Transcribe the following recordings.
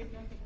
Thank you.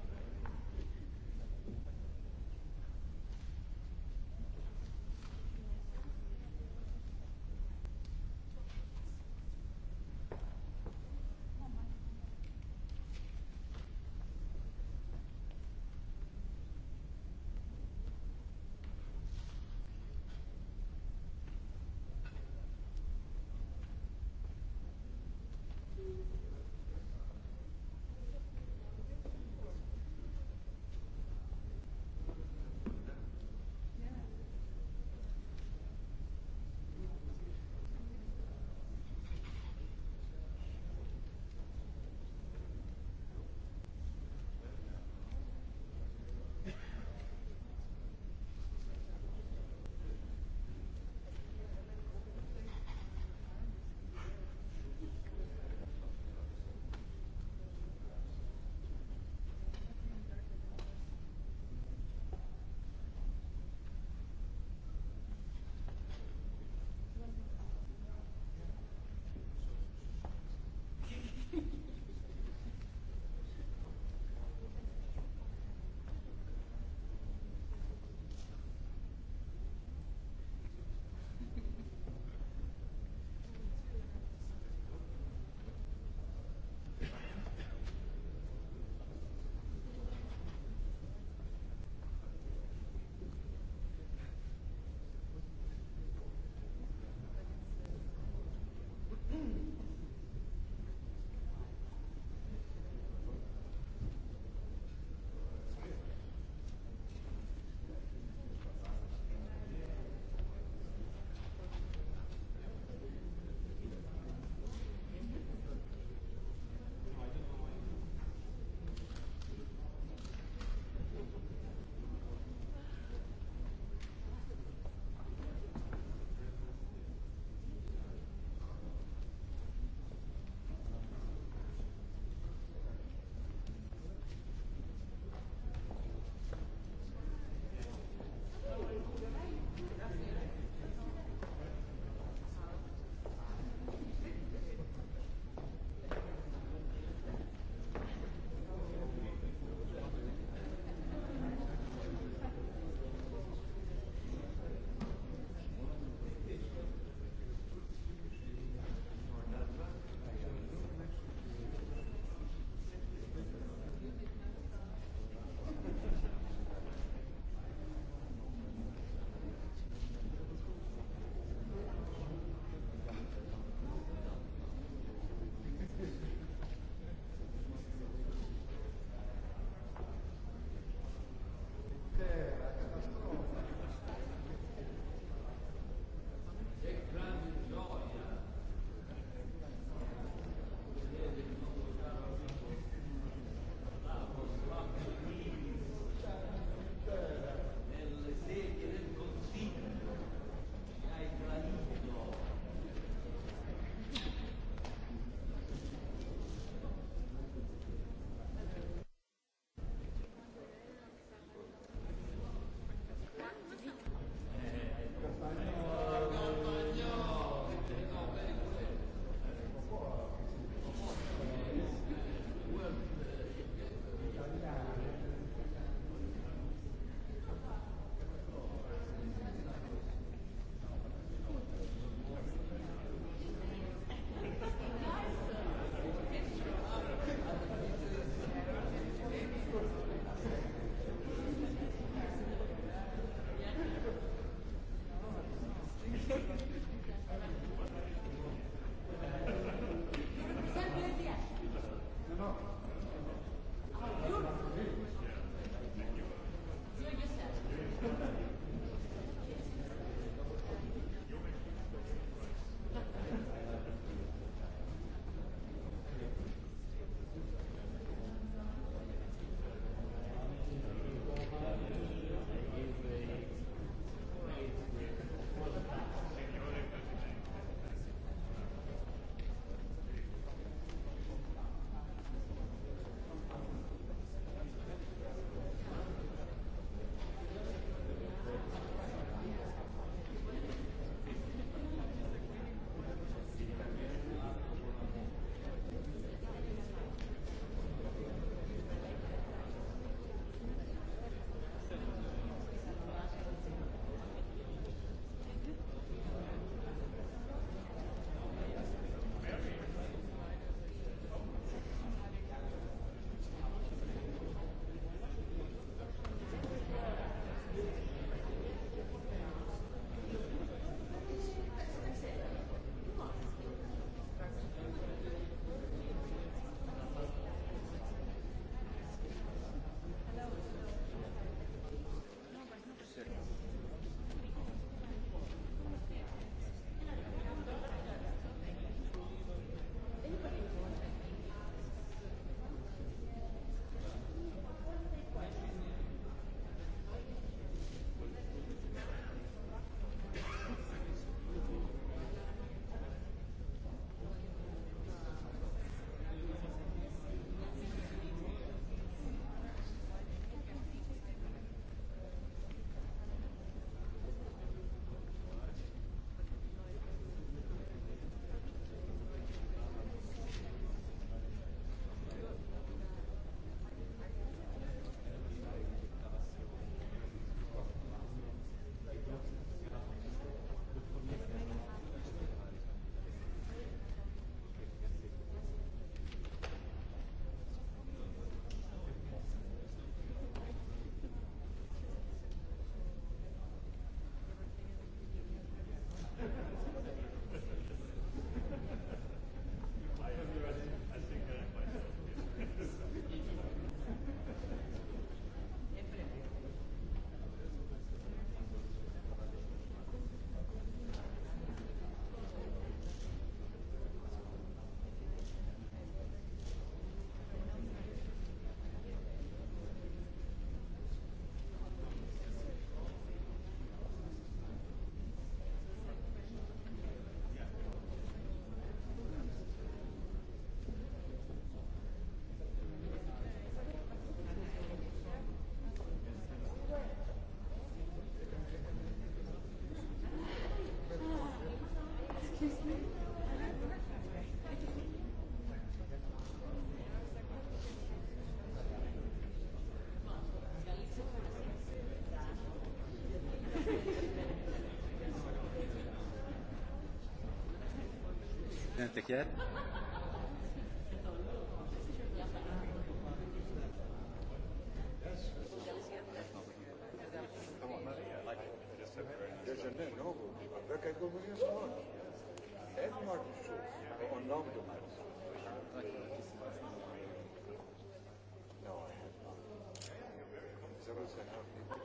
Pénteki el.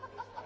Thank you.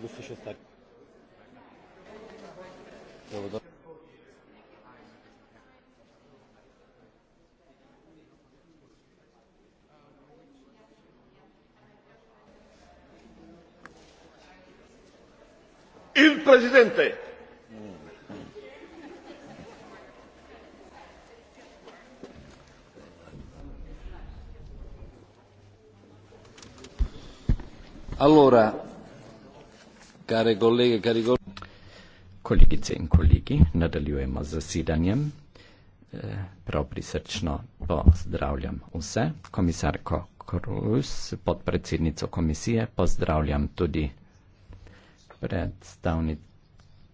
musíš estar. Il presidente. Allora, Kolegice in kolegi, nadaljujemo z zasedanjem. Eh, prav prisrčno pozdravljam vse. Komisarko Kruz, podpredsednico komisije, pozdravljam tudi predstavnice.